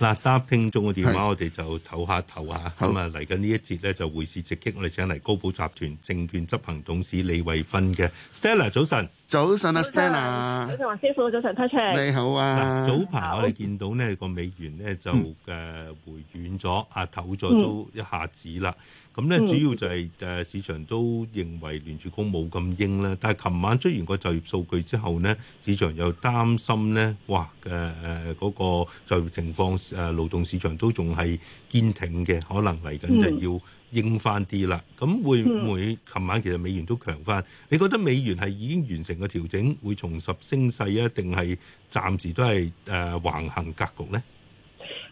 嗱，打聽眾嘅電話，是我哋就唞下唞下，咁啊嚟緊呢一節呢，就匯市直擊，我哋請嚟高寶集團證券執行董事李慧芬嘅，Stella 早晨。早晨阿 Stella 李文師傅，早上睇場。你好啊，早排我哋見到呢個美元呢，就誒回軟咗，啊頭咗都一下子啦。咁呢主要就係誒市場都認為聯儲局冇咁鷹啦。但係琴晚出完個就業數據之後呢，市場又擔心呢，哇誒誒嗰個就業情況誒勞動市場都仲係。堅挺嘅可能嚟緊就要應返啲啦，咁會唔會？琴晚其實美元都強返，你覺得美元係已經完成個調整，會重拾升勢啊？定係暫時都係誒橫行格局呢？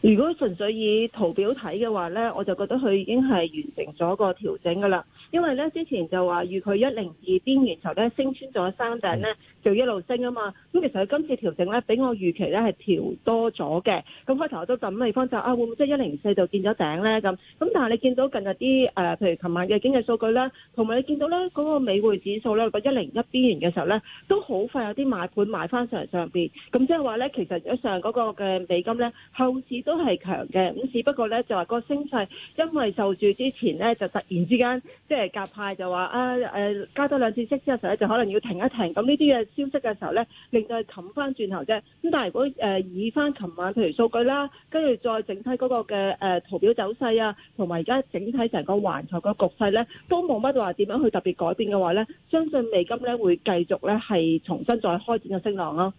如果純粹以圖表睇嘅話呢，我就覺得佢已經係完成咗個調整嘅啦。因為呢之前就話預佢一零二邊緣嘅時候呢，升穿咗三頂呢，就一路升啊嘛。咁其實佢今次調整呢，俾我預期呢係調多咗嘅。咁開頭我都咁嘅方就啊，會唔會即係一零四就見咗頂呢？咁？咁但係你見到近日啲誒、呃，譬如琴晚嘅經濟數據咧，同埋你見到呢嗰、那個美匯指數呢，個一零一邊緣嘅時候呢，都好快有啲買盤買翻上來上邊。咁即係話呢，其實上嗰個嘅美金呢。後。都係強嘅，咁只不過咧就話個升勢，因為受住之前咧就突然之間即係夾派就話啊誒加多兩次息之後咧，就可能要停一停。咁呢啲嘅消息嘅時候咧，令到佢冚翻轉頭啫。咁但係如果誒、呃、以翻琴晚譬如數據啦，跟住再整體嗰個嘅誒圖表走勢啊，同埋而家整體成個環球個局勢咧，都冇乜話點樣去特別改變嘅話咧，相信美金咧會繼續咧係重新再開展個升浪咯、啊。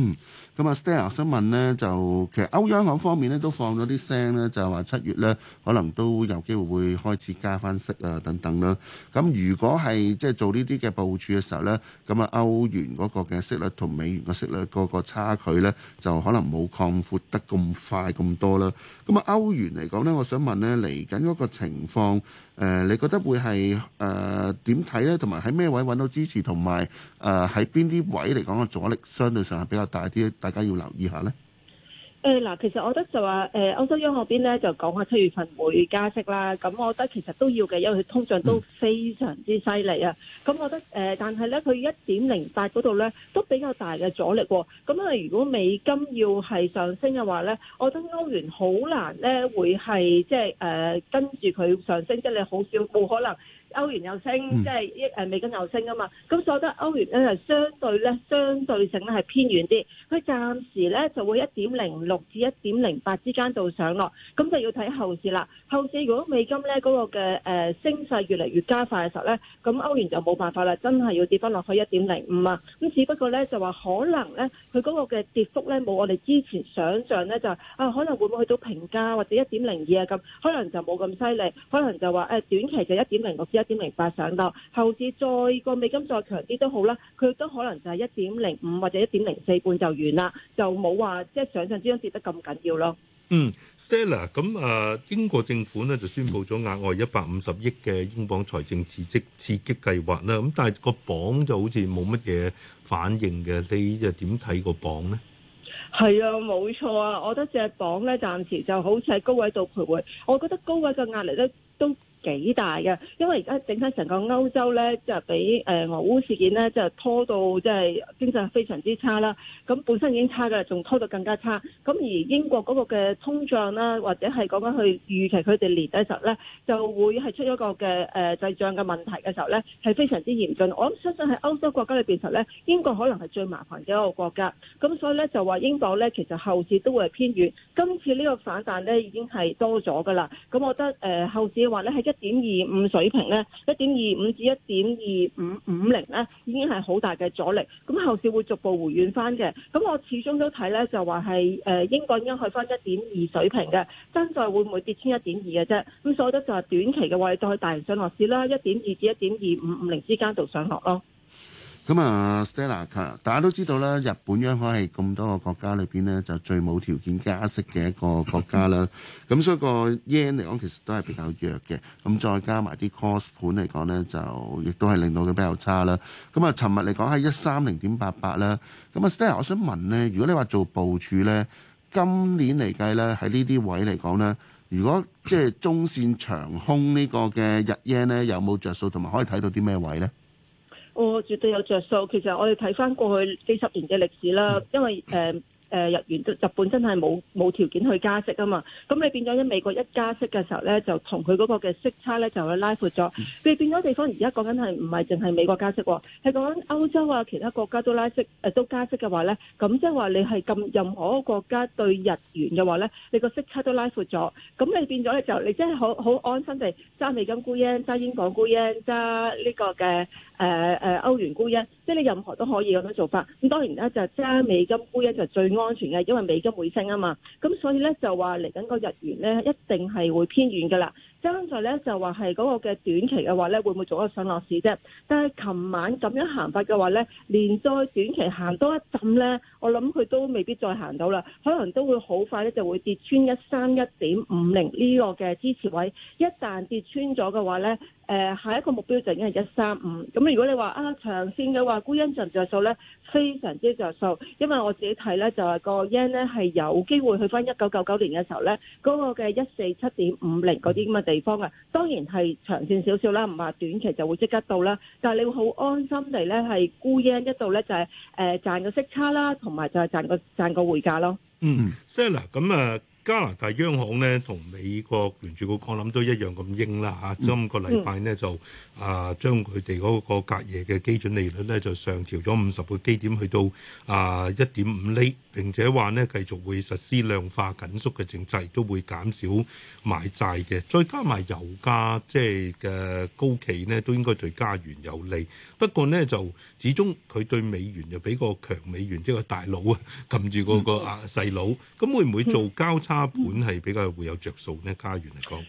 嗯，咁啊，Stella 我想問咧，就其實歐央行方面咧都放咗啲聲咧，就話七月咧可能都有機會會開始加翻息啊等等啦。咁如果係即係做呢啲嘅部署嘅時候咧，咁啊歐元嗰個嘅息率同美元嘅息率嗰個差距咧，就可能冇擴闊得咁快咁多啦。咁啊歐元嚟講咧，我想問咧嚟緊嗰個情況。誒，你覺得會係誒點睇咧？同埋喺咩位揾到支持？同埋誒喺邊啲位嚟講嘅阻力相對上係比較大啲，大家要留意下咧。誒嗱，其實我覺得就話誒歐洲央行邊咧，就講下七月份會加息啦。咁我覺得其實都要嘅，因為佢通脹都非常之犀利啊。咁我覺得誒、呃，但係咧佢一點零八嗰度咧，都比較大嘅阻力喎。咁啊，如果美金要係上升嘅話咧，我覺得歐元好難咧會係即係誒跟住佢上升，即你好少冇可能。歐元又升，即係一誒美金又升啊嘛，咁所以覺得歐元咧相對咧相對性咧係偏遠啲，佢暫時咧就會一點零六至一點零八之間度上落，咁就要睇後市啦。後市如果美金咧嗰個嘅誒升勢越嚟越加快嘅時候咧，咁歐元就冇辦法啦，真係要跌翻落去一點零五啊。咁只不過咧就話可能咧佢嗰個嘅跌幅咧冇我哋之前想象咧就啊可能會唔會去到平價或者一點零二啊咁，可能就冇咁犀利，可能就話誒短期就一點零六，一點零八上到，後市再個美金再強啲都好啦，佢都可能就係一點零五或者一點零四半就完啦，就冇話即係想像之中跌得咁緊要咯。嗯，Stella，咁啊，英國政府咧就宣布咗額外一百五十億嘅英鎊財政刺激刺激計劃啦，咁但係個鎊就好似冇乜嘢反應嘅，你又點睇個鎊咧？係啊，冇錯啊，我覺得隻鎊咧暫時就好似喺高位度徘徊，我覺得高位嘅壓力咧都。幾大嘅，因為而家整體成個歐洲咧，就俾誒、呃、俄烏事件咧，就拖到即係經濟非常之差啦。咁、嗯、本身已經差嘅，仲拖到更加差。咁、嗯、而英國嗰個嘅通脹啦，或者係講緊去預期佢哋年底時候咧，就會係出咗個嘅誒滯脹嘅問題嘅時候咧，係非常之嚴峻。我諗相信喺歐洲國家裏邊實咧，英國可能係最麻煩嘅一個國家。咁、嗯、所以咧就話英國咧，其實後市都會偏軟。今次呢個反彈咧已經係多咗噶啦。咁、嗯、我覺得誒、呃、後市嘅話咧係一。點二五水平咧，一點二五至一點二五五零咧，已經係好大嘅阻力。咁後市會逐步回軟翻嘅。咁我始終都睇咧，就話係誒英國已經去翻一點二水平嘅，爭在會唔會跌穿一點二嘅啫。咁所以咧就係短期嘅話，你再去大型上落市啦，一點二至一點二五五零之間度上落咯。咁啊，Stella，大家都知道啦，日本央行係咁多個國家裏邊咧，就最冇條件加息嘅一個國家啦。咁所以個 yen 嚟講，其實都係比較弱嘅。咁再加埋啲 cost 盤嚟講咧，就亦都係令到佢比較差啦。咁啊，尋日嚟講喺一三零點八八啦。咁啊，Stella，我想問咧，如果你話做部署咧，今年嚟計咧，喺呢啲位嚟講咧，如果即係中線長空呢個嘅日 yen 咧，有冇著數？同埋可以睇到啲咩位咧？我、哦、絕對有着數。其實我哋睇翻過去幾十年嘅歷史啦，因為誒誒日元，日本真係冇冇條件去加息啊嘛。咁你變咗，一美國一加息嘅時候咧，就同佢嗰個嘅息差咧，就會拉闊咗。你變咗地方，而家講緊係唔係淨係美國加息喎、哦？係講緊歐洲啊，其他國家都拉息誒、呃，都加息嘅話咧，咁即係話你係咁任何一國家對日元嘅話咧，你個息差都拉闊咗。咁你變咗咧，就你真係好好安心地揸美金沽 Yen，揸英鎊沽 Yen，揸呢個嘅。誒誒、呃呃、歐元沽一，即係你任何都可以咁樣做法。咁當然咧就揸美金沽一就最安全嘅，因為美金會升啊嘛。咁所以咧就話嚟緊個日元咧一定係會偏軟㗎喇。將在咧就話係嗰個嘅短期嘅話咧，會唔會做一個上落市啫？但係琴晚咁樣行法嘅話咧，連再短期行多一陣咧，我諗佢都未必再行到啦，可能都會好快咧就會跌穿一三一點五零呢個嘅支持位。一旦跌穿咗嘅話咧，誒下一個目標就已經係一三五。咁如果你話啊長線嘅話，沽 yen 著唔著數咧，非常之著數，因為我自己睇咧就係、是、個 yen 咧係有機會去翻一九九九年嘅時候咧嗰、那個嘅一四七點五零嗰啲咁啊。地方啊，當然係長線少少啦，唔係短期就會即刻到啦。但係你會好安心地咧，係沽 yen 一度咧，就係誒賺個息差啦，同埋就係賺個賺個匯價咯。嗯，s 所以嗱，咁啊。加拿大央行咧同美國聯儲局口吻都一樣咁硬啦嚇，今個禮拜呢，就啊將佢哋嗰個隔夜嘅基準利率咧就上調咗五十個基點去到啊一點五厘，並且話咧繼續會實施量化緊縮嘅政策，都會減少買債嘅，再加埋油價即係嘅高企呢，都應該對加元有利。不過咧，就始終佢對美元就比個強美元，即係個大佬啊，撳住個個啊細佬，咁會唔會做交叉盤係比較會有着數咧？加元嚟講。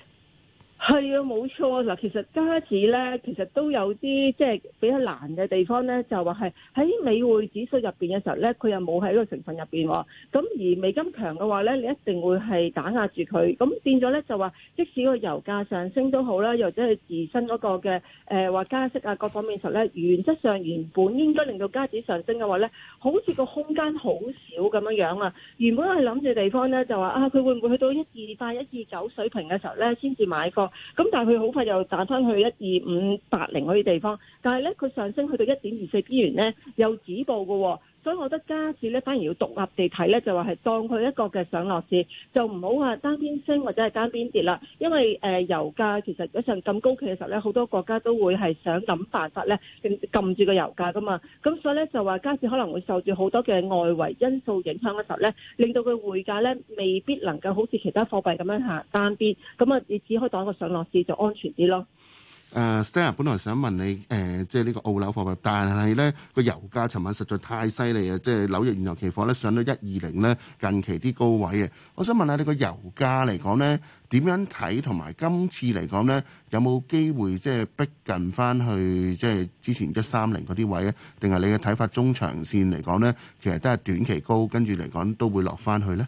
係啊，冇錯嗱。其實加紙咧，其實都有啲即係比較難嘅地方咧，就話係喺美匯指數入邊嘅時候咧，佢又冇喺個成分入邊。咁、啊、而美金強嘅話咧，你一定會係打壓住佢。咁、啊、變咗咧，就話即使個油價上升都好啦，又或者係自身嗰個嘅誒話加息啊各方面嘅時候咧，原則上原本應該令到加紙上升嘅話咧，好似個空間好少咁樣樣啊。原本係諗住地方咧，就話啊，佢會唔會去到一二八、一二九水平嘅時候咧，先至買貨？咁但係佢好快又彈翻去一二五八零嗰啲地方，但係咧佢上升去到一點二四邊緣咧，有止步嘅喎。所以，我覺得加紙咧，反而要獨立地睇咧，就話係當佢一個嘅上落市，就唔好話單邊升或者係單邊跌啦。因為誒、呃、油價其實嗰陣咁高企嘅時候咧，好多國家都會係想諗辦法咧撳住個油價噶嘛。咁所以咧就話加紙可能會受住好多嘅外圍因素影響嘅時候咧，令到佢匯價咧未必能夠好似其他貨幣咁樣走單邊。咁啊，你只可以當一個上落市就安全啲咯。誒 Stella，本來想問你誒，即係呢個澳樓貨幣，但係咧個油價尋晚實在太犀利啊！即係紐約原油期貨咧上到一二零咧近期啲高位啊！我想問下你個油價嚟講咧，點樣睇，同埋今次嚟講咧有冇機會即係逼近翻去即係之前一三零嗰啲位啊？定係你嘅睇法中長線嚟講咧，其實都係短期高，跟住嚟講都會落翻去咧？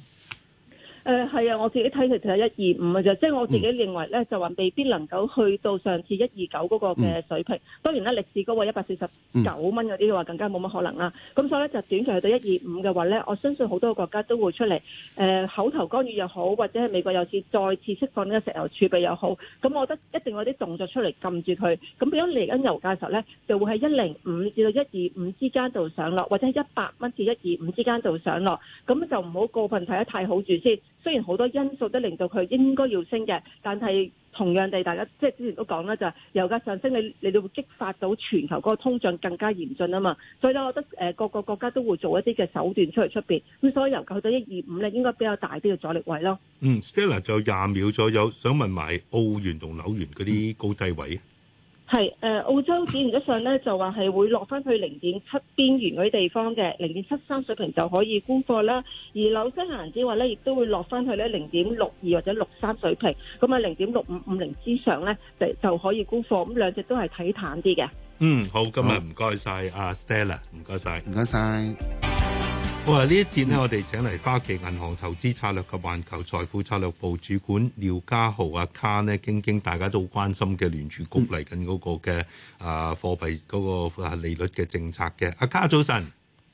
誒係、呃、啊，我自己睇佢就係一二五嘅啫，即係我自己認為咧，嗯、就話未必能夠去到上次一二九嗰個嘅水平。嗯、當然啦、啊，歷史高位一百四十九蚊嗰啲話更加冇乜可能啦、啊。咁所以咧，就短期去到一二五嘅話咧，我相信好多國家都會出嚟誒、呃、口頭干預又好，或者係美國又是再次釋放呢個石油儲備又好。咁我覺得一定有啲動作出嚟撳住佢。咁變咗嚟緊油價嘅時候咧，就會喺一零五至到一二五之間度上落，或者係一百蚊至一二五之間度上落。咁就唔好過分睇得太好住先。雖然好多因素都令到佢應該要升嘅，但係同樣地，大家即係之前都講啦，就是、油價上升你，你你會激發到全球嗰個通脹更加嚴峻啊嘛，所以咧，我覺得誒、呃、各個國家都會做一啲嘅手段出嚟出邊，咁所以油價去到一二五咧，應該比較大啲嘅阻力位咯。 嗯 s t e l l a 就廿秒左右，想問埋澳元同紐元嗰啲高低位？係誒、呃、澳洲指唔得上咧，就話係會落翻去零點七邊緣嗰啲地方嘅，零點七三水平就可以沽貨啦。而紐西蘭之話咧，亦都會落翻去咧零點六二或者六三水平，咁啊零點六五五零之上咧，就就可以沽貨。咁兩隻都係睇淡啲嘅。嗯，好，今日唔該晒阿 Stella，唔該晒。唔該曬。謝謝。好喇呢一節呢，我哋請嚟花旗銀行投資策略及環球財富策劃部主管廖嘉豪阿、啊、卡呢，經經大家都關心嘅聯儲局嚟緊嗰個嘅啊貨幣嗰個啊利率嘅政策嘅，阿、啊、卡早晨。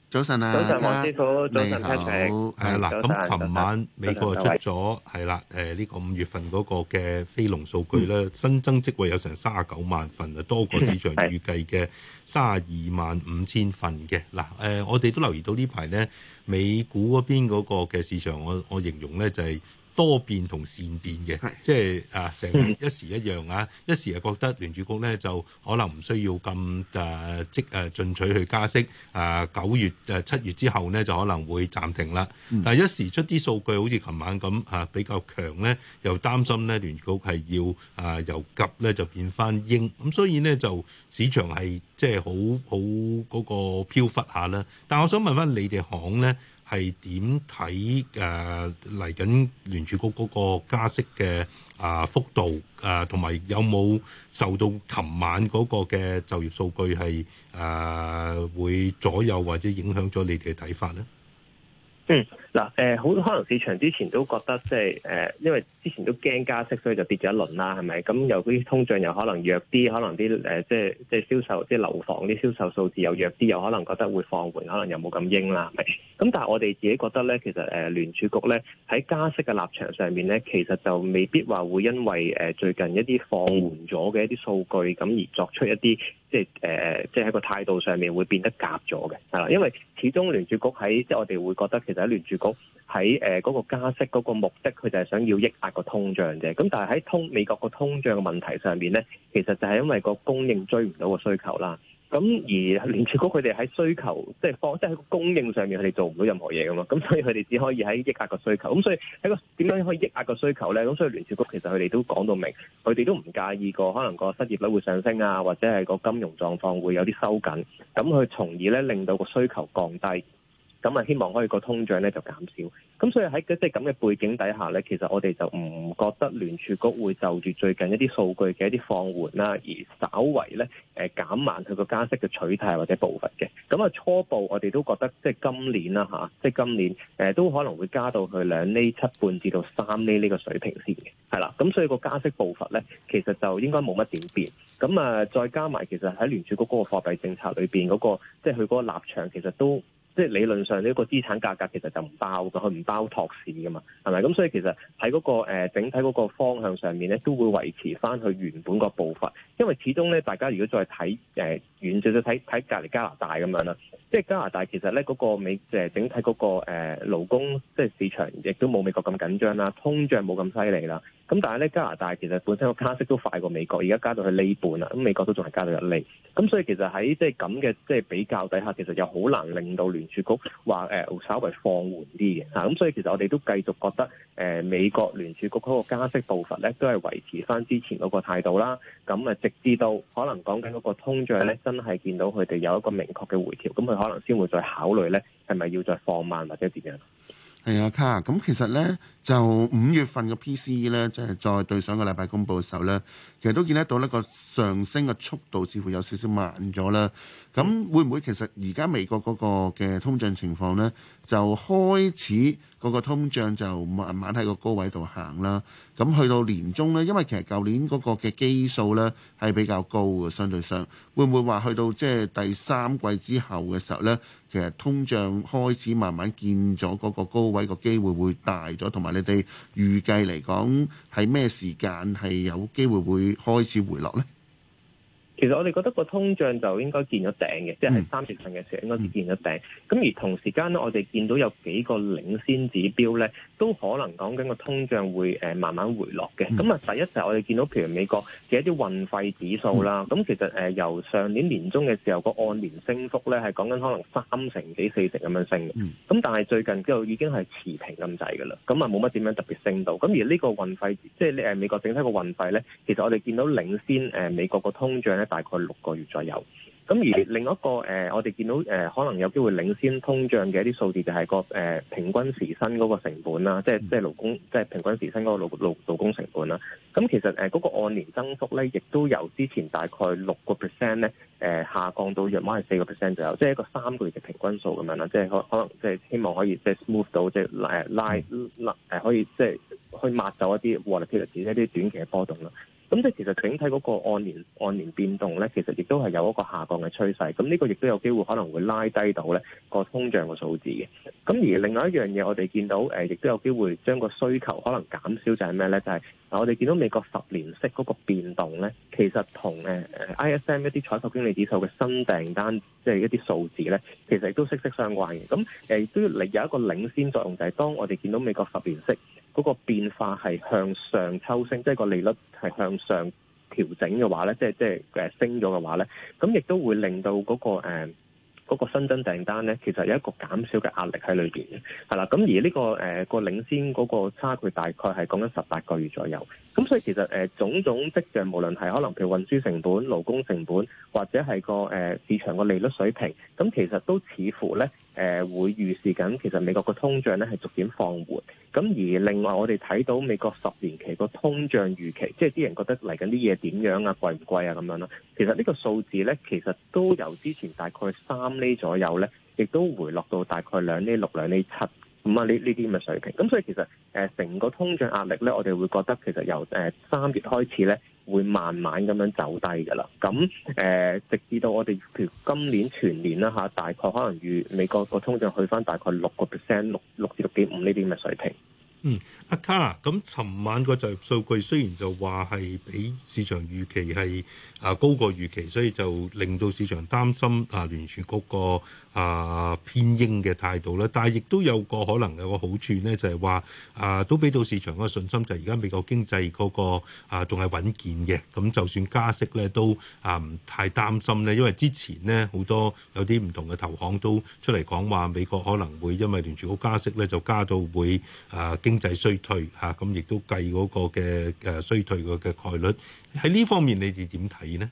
早晨啊，早晨！早晨，何師傅。早晨，嘉豪。係啦，咁琴晚美國出咗係啦，誒、這、呢個五月份嗰個嘅非農數據啦，嗯、新增職位有成三十九萬份，啊多過市場預計嘅三十二萬五千份嘅。嗱、啊，誒、呃、我哋都留意到呢排咧，美股嗰邊嗰個嘅市場，我我形容咧就係、是。多變同善變嘅，是即係啊，成日一時一樣啊，一時係覺得聯儲局咧就可能唔需要咁啊，即啊進取去加息啊，九月誒、啊、七月之後呢，就可能會暫停啦。嗯、但係一時出啲數據好似琴晚咁啊，比較強咧，又擔心咧聯儲局係要啊由急咧就變翻英，咁所以呢，就市場係即係好好嗰個飄忽下啦。但係我想問翻你哋行咧。係點睇？誒嚟緊聯儲局嗰個加息嘅啊幅度，誒同埋有冇受到琴晚嗰個嘅就業數據係誒、啊、會左右或者影響咗你哋嘅睇法咧？嗯。嗱，誒好、呃、可能市場之前都覺得即係誒，因為之前都驚加息，所以就跌咗一輪啦，係咪？咁有啲通脹又可能弱啲，可能啲誒、呃、即係即係銷售，即係樓房啲銷售數字又弱啲，又可能覺得會放緩，可能又冇咁應啦，係咪？咁但係我哋自己覺得咧，其實誒聯儲局咧喺加息嘅立場上面咧，其實就未必話會因為誒、呃、最近一啲放緩咗嘅一啲數據咁而作出一啲即係誒、呃、即係喺個態度上面會變得夾咗嘅，係啦，因為始終聯儲局喺即係我哋會覺得其實喺聯儲。喺誒嗰個加息嗰個目的，佢就係想要抑壓個通脹啫。咁但係喺通美國個通脹嘅問題上面咧，其實就係因為個供應追唔到個需求啦。咁而聯儲局佢哋喺需求，即係放即係喺個供應上面，佢哋做唔到任何嘢噶嘛。咁所以佢哋只可以喺抑壓個需求。咁所以喺個點樣可以抑壓個需求咧？咁所以聯儲局其實佢哋都講到明，佢哋都唔介意個可能個失業率會上升啊，或者係個金融狀況會有啲收緊，咁佢從而咧令到個需求降低。咁啊，希望可以個通脹咧就減少。咁所以喺即係咁嘅背景底下咧，其實我哋就唔覺得聯儲局會就住最近一啲數據嘅一啲放緩啦，而稍為咧誒減慢佢個加息嘅取態或者步伐嘅。咁啊，初步我哋都覺得即係今年啦吓，即係今年誒都可能會加到去兩厘七半至到三厘呢個水平先嘅。係啦，咁所以個加息步伐咧，其實就應該冇乜點變。咁啊，再加埋其實喺聯儲局嗰個貨幣政策裏邊嗰個，即係佢嗰個立場，其實都。即係理論上呢個資產價格其實就唔包㗎，佢唔包托市㗎嘛，係咪？咁所以其實喺嗰個誒整體嗰個方向上面咧，都會維持翻佢原本個步伐，因為始終咧，大家如果再睇誒、呃遠少少睇睇隔離加拿大咁樣啦，即係加拿大其實咧嗰、那個美誒整體嗰、那個誒、呃、勞工即係市場，亦都冇美國咁緊張啦，通脹冇咁犀利啦。咁但係咧加拿大其實本身個加息都快過美國，而家加到去厘半啦，咁美國都仲係加到一厘。咁、嗯、所以其實喺即係咁嘅即係比較底下，其實又好難令到聯儲局話誒、呃、稍微放緩啲嘅嚇。咁、嗯、所以其實我哋都繼續覺得誒、呃、美國聯儲局嗰個加息步伐咧，都係維持翻之前嗰個態度啦。咁、嗯、啊直至到可能講緊嗰個通脹咧。真係見到佢哋有一個明確嘅回調，咁佢可能先會再考慮呢係咪要再放慢或者點樣？係啊，卡，咁，嗯，其實呢。就五月份嘅 PCE 咧，即係再對上個禮拜公佈嘅時候咧，其實都見得到呢個上升嘅速度，似乎有少少慢咗啦。咁會唔會其實而家美國嗰個嘅通脹情況咧，就開始嗰個通脹就慢慢喺個高位度行啦。咁去到年中咧，因為其實舊年嗰個嘅基數咧係比較高嘅，相對上會唔會話去到即係第三季之後嘅時候咧，其實通脹開始慢慢見咗嗰個高位個機會會大咗，同埋，你哋預計嚟講係咩時間係有機會會開始回落咧？其實我哋覺得個通脹就應該見咗頂嘅，嗯、即係三月份嘅時候應該見咗頂。咁、嗯、而同時間呢，我哋見到有幾個領先指標呢都可能講緊個通脹會誒慢慢回落嘅。咁啊、嗯，第一就係我哋見到譬如美國嘅一啲運費指數啦。咁、嗯、其實誒由上年年中嘅時候個按年升幅呢係講緊可能三成幾四成咁樣升嘅。咁、嗯、但係最近之後已經係持平咁滯嘅啦。咁啊冇乜點樣特別升到。咁而呢個運費即係誒美國整體個運費呢，其實我哋見到領先誒美國個通脹呢。大概六個月左右，咁而另一個誒、呃，我哋見到誒、呃、可能有機會領先通脹嘅一啲數字就、那個，就係個誒平均時薪嗰個成本啦，即係即係勞工，即係平均時薪嗰個勞勞工成本啦。咁、嗯、其實誒嗰、呃那個按年增幅咧，亦都由之前大概六個 percent 咧，誒、呃、下降到約莫四個 percent 左右，即係一個三個月嘅平均數咁樣啦。即係可可能即係希望可以即係 smooth 到即係誒拉拉可以即係去抹走一啲，或者譬如一啲短期嘅波動啦。咁即係其實整體嗰個按年按年變動咧，其實亦都係有一個下降嘅趨勢。咁呢個亦都有機會可能會拉低到咧個通脹嘅數字嘅。咁而另外一樣嘢，我哋見到誒亦、呃、都有機會將個需求可能減少就，就係咩咧？就係我哋見到美國十年息嗰個變動咧，其實同誒誒、呃、ISM 一啲採購經理指數嘅新訂單，即、就、係、是、一啲數字咧，其實亦都息息相關嘅。咁誒亦都有一個領先作用，就係、是、當我哋見到美國十年息。嗰個變化係向上抽升，即係個利率係向上調整嘅話咧，即係即係誒升咗嘅話咧，咁亦都會令到嗰、嗰個誒、呃嗰個、新增訂單咧，其實有一個減少嘅壓力喺裏邊嘅，係啦。咁而呢、呢個誒個、呃、領先嗰個差距大概係講緊十八個月左右。咁所以其實誒、呃、種種跡象，無論係可能譬如運輸成本、勞工成本，或者係個誒、呃、市場個利率水平，咁其實都似乎咧。誒、呃、會預示緊，其實美國個通脹咧係逐漸放緩，咁而另外我哋睇到美國十年期個通脹預期，即係啲人覺得嚟緊啲嘢點樣貴貴啊，貴唔貴啊咁樣咯。其實個數呢個數字咧，其實都由之前大概三厘左右咧，亦都回落到大概兩厘六、兩厘七。咁啊，呢呢啲咁嘅水平，咁所以其實誒，成個通脹壓力咧，我哋會覺得其實由誒三月開始咧，會慢慢咁樣走低噶啦。咁誒，直至到我哋譬如今年全年啦嚇，大概可能與美國個通脹去翻大概六個 percent，六六至六點五呢啲咁嘅水平。嗯，阿、啊、卡，咁尋晚個就業數據雖然就話係比市場預期係啊高過預期，所以就令到市場擔心啊聯儲局個。啊、呃、偏硬嘅態度啦，但係亦都有個可能有個好處呢，就係話啊都俾到市場個信心，就係而家美國經濟嗰、那個啊仲係穩健嘅，咁就算加息咧都啊唔、呃、太擔心咧，因為之前呢，好多有啲唔同嘅投行都出嚟講話美國可能會因為聯儲局加息咧就加到會啊、呃、經濟衰退嚇，咁、啊、亦都計嗰個嘅誒衰退個嘅概率喺呢方面，你哋點睇呢？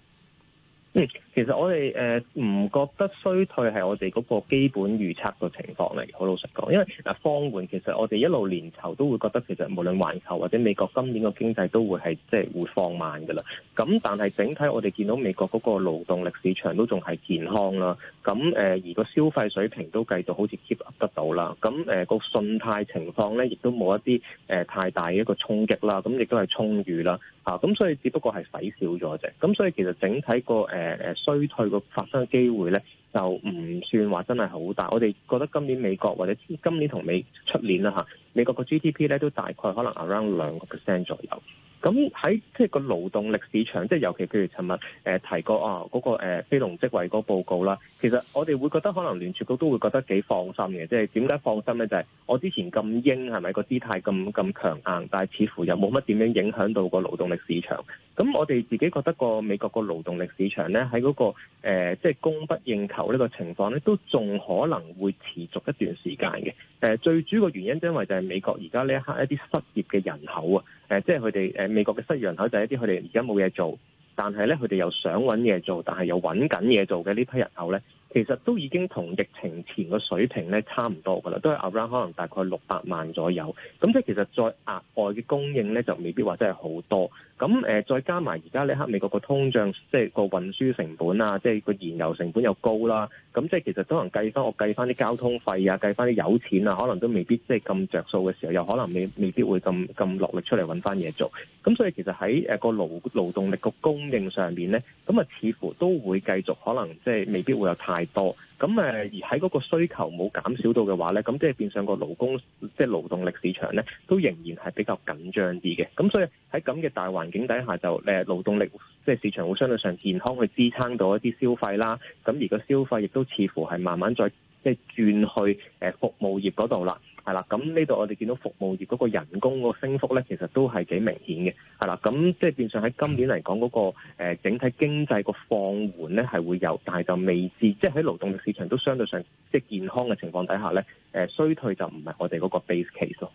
嗯、其實我哋誒唔覺得衰退係我哋嗰個基本預測嘅情況嚟。好老實講，因為嗱放緩，其實我哋一路連籌都會覺得其實無論環球或者美國今年個經濟都會係即係會放慢噶啦。咁但係整體我哋見到美國嗰個勞動力市場都仲係健康啦。咁誒、呃、而個消費水平都繼續好似 keep 得到啦。咁誒個信貸情況咧，亦都冇一啲誒、呃、太大嘅一個衝擊啦。咁亦都係充裕啦。啊，咁、哦、所以只不過係使少咗啫，咁所以其實整體個誒誒衰退個發生嘅機會咧，就唔算話真係好大。我哋覺得今年美國或者今年同美出年啦、啊、嚇，美國個 GDP 咧都大概可能 around 兩個 percent 左右。咁喺即係個勞動力市場，即係尤其譬如，尋日誒提過啊嗰個非農職位嗰個報告啦。其實我哋會覺得可能聯儲局都會覺得幾放心嘅。即係點解放心咧？就係我之前咁硬係咪個姿態咁咁強硬，但係似乎又冇乜點樣影響到個勞動力市場。咁我哋自己覺得個美國個勞動力市場咧，喺嗰個誒即係供不應求呢個情況咧，都仲可能會持續一段時間嘅。誒、呃、最主要嘅原因，因為就係美國而家呢一刻一啲失業嘅人口啊。誒、呃，即係佢哋誒美國嘅失業人口就係一啲佢哋而家冇嘢做，但係咧佢哋又想搵嘢做，但係又搵緊嘢做嘅呢批人口咧。其實都已經同疫情前嘅水平咧差唔多㗎啦，都係 around 可能大概六百萬左右。咁、嗯、即係其實再額外嘅供應咧就未必話真係好多。咁、嗯、誒再加埋而家呢刻美國個通脹，即係個運輸成本啊，即係個燃油成本又高啦。咁、嗯、即係其實都可能計翻我計翻啲交通費啊，計翻啲油錢啊，可能都未必即係咁着數嘅時候，又可能未未必會咁咁落力出嚟揾翻嘢做。咁、嗯、所以其實喺誒個勞勞動力個供應上面咧，咁、嗯、啊似乎都會繼續可能即係未必會有太多咁誒，而喺嗰個需求冇減少到嘅話咧，咁即係變相個勞工，即係勞動力市場咧，都仍然係比較緊張啲嘅。咁所以喺咁嘅大環境底下，就誒勞動力即係市場會相對上健康去支撐到一啲消費啦。咁而個消費亦都似乎係慢慢再即係轉去誒服務業嗰度啦。係啦，咁呢度我哋見到服務業嗰個人工嗰個升幅咧，其實都係幾明顯嘅。係啦，咁即係變相喺今年嚟講嗰個誒整體經濟個放緩咧，係會有，但係就未至。即係喺勞動力市場都相對上即係健康嘅情況底下咧，誒衰退就唔係我哋嗰個 base case 咯。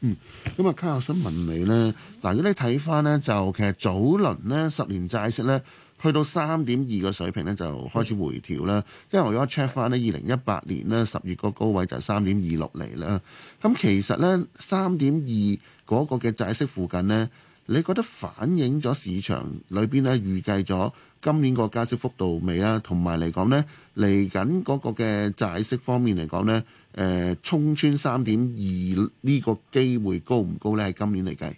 嗯，咁啊，卡，我想問你咧，嗱，如果你睇翻咧，就其實早輪咧十年債息咧，去到三點二個水平咧，就開始回調啦。嗯、因為我如果 check 翻呢二零一八年咧十月個高位就係三點二六厘啦。咁其實呢，三點二嗰個嘅債息附近呢，你覺得反映咗市場裏邊咧預計咗今年個加息幅度未啊？同埋嚟講呢，嚟緊嗰個嘅債息方面嚟講呢，誒、呃、衝穿三點二呢個機會高唔高呢？喺今年嚟計，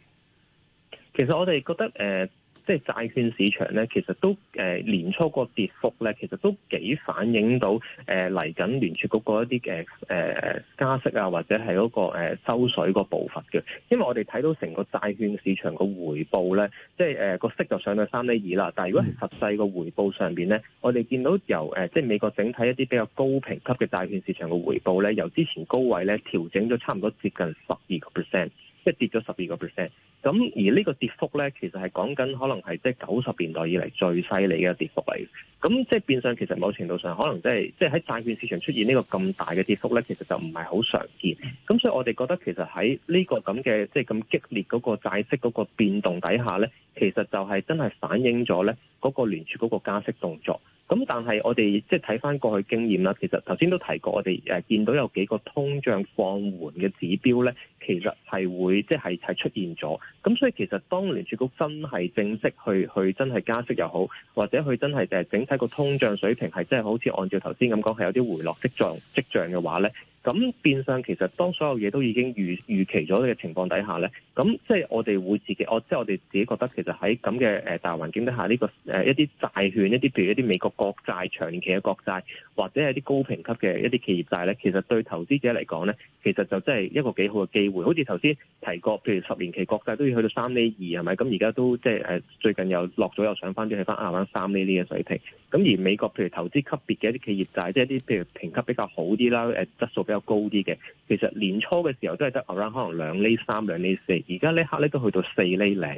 其實我哋覺得誒，呃即係債券市場咧，其實都誒、呃、年初個跌幅咧，其實都幾反映到誒嚟緊聯儲局嗰一啲嘅誒加息啊，或者係嗰、嗰個、呃、收水個步伐嘅。因為我哋睇到成個債券市場個回報咧，即係誒個息就上到三厘二啦。但係如果係實際個回報上邊咧，我哋見到由誒、呃、即係美國整體一啲比較高評級嘅債券市場個回報咧，由之前高位咧調整咗差唔多接近十二個 percent。即係跌咗十二個 percent，咁而呢個跌幅咧，其實係講緊可能係即係九十年代以嚟最犀利嘅跌幅嚟，咁即係變相其實某程度上可能即係即係喺債券市場出現呢個咁大嘅跌幅咧，其實就唔係好常見，咁所以我哋覺得其實喺呢個咁嘅即係咁激烈嗰個債息嗰個變動底下咧，其實就係真係反映咗咧。嗰個聯儲局嗰個加息動作，咁但係我哋即係睇翻過去經驗啦，其實頭先都提過我，我哋誒見到有幾個通脹放緩嘅指標咧，其實係會即係係出現咗。咁所以其實當聯儲局真係正式去去真係加息又好，或者佢真係誒整體個通脹水平係真係好似按照頭先咁講係有啲回落跡象跡象嘅話咧。咁變相其實當所有嘢都已經預預期咗嘅情況底下咧，咁即係我哋會自己，我即係我哋自己覺得其實喺咁嘅誒大環境底下，呢個誒、呃、一啲債券，一啲譬如一啲美國國債、長期嘅國債，或者係啲高評級嘅一啲企業債咧，其實對投資者嚟講咧，其實就真係一個幾好嘅機會。好似頭先提過，譬如十年期國債都要去到三釐二係咪？咁而家都即係誒最近又落咗又上翻啲，去翻亞灣三釐呢嘅水平。咁而美國譬如投資級別嘅一啲企業債，即係一啲譬如評級比較好啲啦，誒質素比較高啲嘅，其實年初嘅時候都係得 around，可能兩厘三、兩厘四，而家呢刻咧都去到四厘零。咁、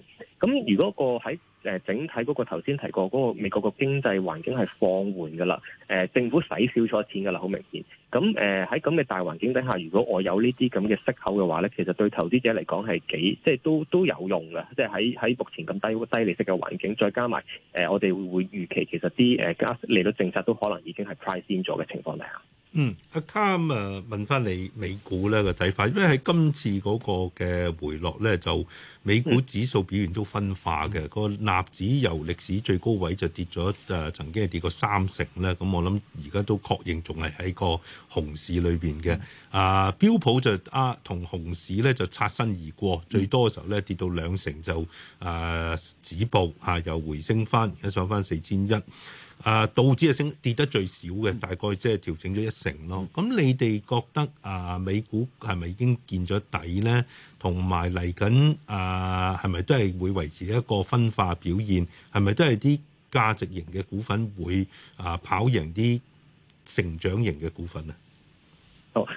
嗯、如果個喺誒整體嗰、那個頭先提過嗰、那個美國個經濟環境係放緩㗎啦，誒、呃、政府使少咗錢㗎啦，好明顯。咁誒喺咁嘅大環境底下，如果我有呢啲咁嘅息口嘅話咧，其實對投資者嚟講係幾，即係都都有用嘅。即係喺喺目前咁低低利息嘅環境，再加埋誒、呃、我哋會會預期，其實啲誒加息利率政策都可能已經係 price in 咗嘅情況底下。嗯，阿 Cam a 啊，問翻你美股咧、這個睇法，因為喺今次嗰個嘅回落咧，就美股指數表現都分化嘅。嗯、個納指由歷史最高位就跌咗，誒、呃、曾經係跌過三成咧。咁、嗯、我諗而家都確認仲係喺個熊市裏邊嘅。啊、呃，標普就啊同熊市咧就擦身而過，最多嘅時候咧跌到兩成就誒、呃、止步，嚇、啊、又回升翻，而家上翻四千一。啊，道指係升跌得最少嘅，大概即係調整咗一成咯。咁你哋覺得啊，美股係咪已經見咗底咧？同埋嚟緊啊，係咪都係會維持一個分化表現？係咪都係啲價值型嘅股份會啊跑贏啲成長型嘅股份啊？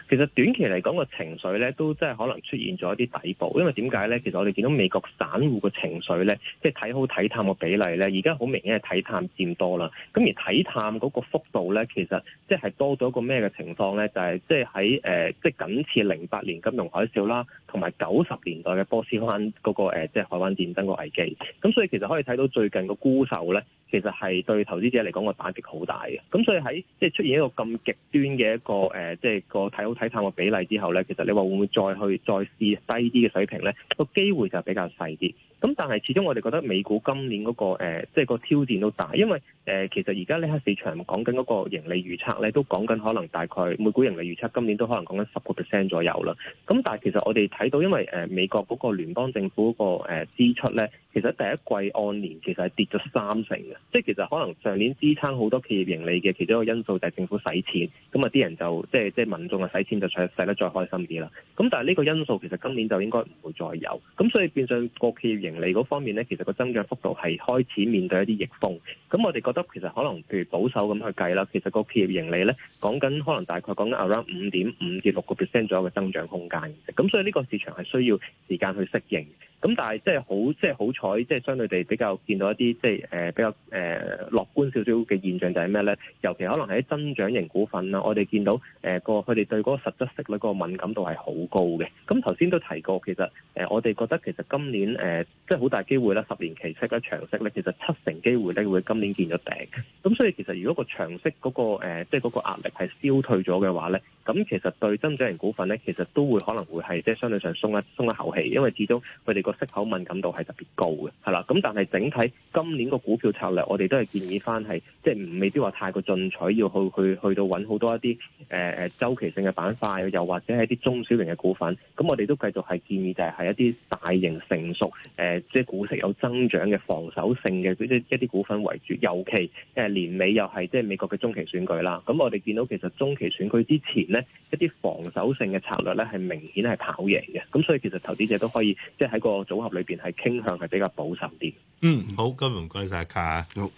其實短期嚟講個情緒咧，都真係可能出現咗一啲底部。因為點解咧？其實我哋見到美國散戶嘅情緒咧，即係睇好睇淡嘅比例咧，而家好明顯係睇淡佔多啦。咁而睇淡嗰個幅度咧，其實即係多咗一個咩嘅情況咧？就係即係喺誒，即係僅次零八年金融海嘯啦，同埋九十年代嘅波斯灣嗰個誒，即係海灣戰爭個危機。咁所以其實可以睇到最近個沽售咧。其實係對投資者嚟講個打擊好大嘅，咁所以喺即係出現一個咁極端嘅一個誒，即、呃、係、就是、個睇好睇淡嘅比例之後咧，其實你話會唔會再去再試低啲嘅水平咧？個機會就比較細啲。咁但係始終我哋覺得美股今年嗰、那個、呃、即係個挑戰都大，因為誒、呃、其實而家呢刻市場講緊嗰個盈利預測咧，都講緊可能大概每股盈利預測今年都可能講緊十個 percent 左右啦。咁但係其實我哋睇到，因為誒、呃、美國嗰個聯邦政府嗰個、呃、支出咧，其實第一季按年其實係跌咗三成嘅，即係其實可能上年支撐好多企業盈利嘅其中一個因素就係政府使錢，咁啊啲人就即係即係民眾嘅使錢就使得再開心啲啦。咁但係呢個因素其實今年就應該唔會再有，咁所以變相個企業盈利盈利嗰方面咧，其實個增長幅度係開始面對一啲逆風。咁我哋覺得其實可能譬如保守咁去計啦，其實個企業盈利咧，講緊可能大概講緊 around 五點五至六個 percent 左右嘅增長空間嘅。咁所以呢個市場係需要時間去適應。咁、嗯、但係即係好即係好彩，即係相對地比較見到一啲即係誒、呃、比較誒、呃、樂觀少少嘅現象，就係咩咧？尤其可能喺增長型股份啦，我哋見到誒個佢哋對嗰個實質息率個敏感度係好高嘅。咁頭先都提過，其實誒、呃、我哋覺得其實今年誒、呃、即係好大機會啦，十年期息嘅長息咧，其實七成機會咧會今年見咗頂。咁、嗯、所以其實如果個長息嗰、那個、呃、即係嗰個壓力係消退咗嘅話咧。咁其實對增長型股份咧，其實都會可能會係即係相對上鬆一鬆一口氣，因為始終佢哋個息口敏感度係特別高嘅，係啦。咁但係整體今年個股票策略，我哋都係建議翻係即係唔未必話太過進取，要去去去到揾好多一啲誒誒週期性嘅板塊，又或者係一啲中小型嘅股份。咁我哋都繼續係建議就係係一啲大型成熟誒，即係、呃、即係股息有增長嘅防守性嘅一啲一啲股份為主。尤其誒年尾又係即係美國嘅中期選舉啦。咁我哋見到其實中期選舉之前咧。一啲防守性嘅策略咧，係明顯係跑贏嘅，咁所以其實投資者都可以即係喺個組合裏邊係傾向係比較保守啲。嗯，好，今日唔該晒，卡。好。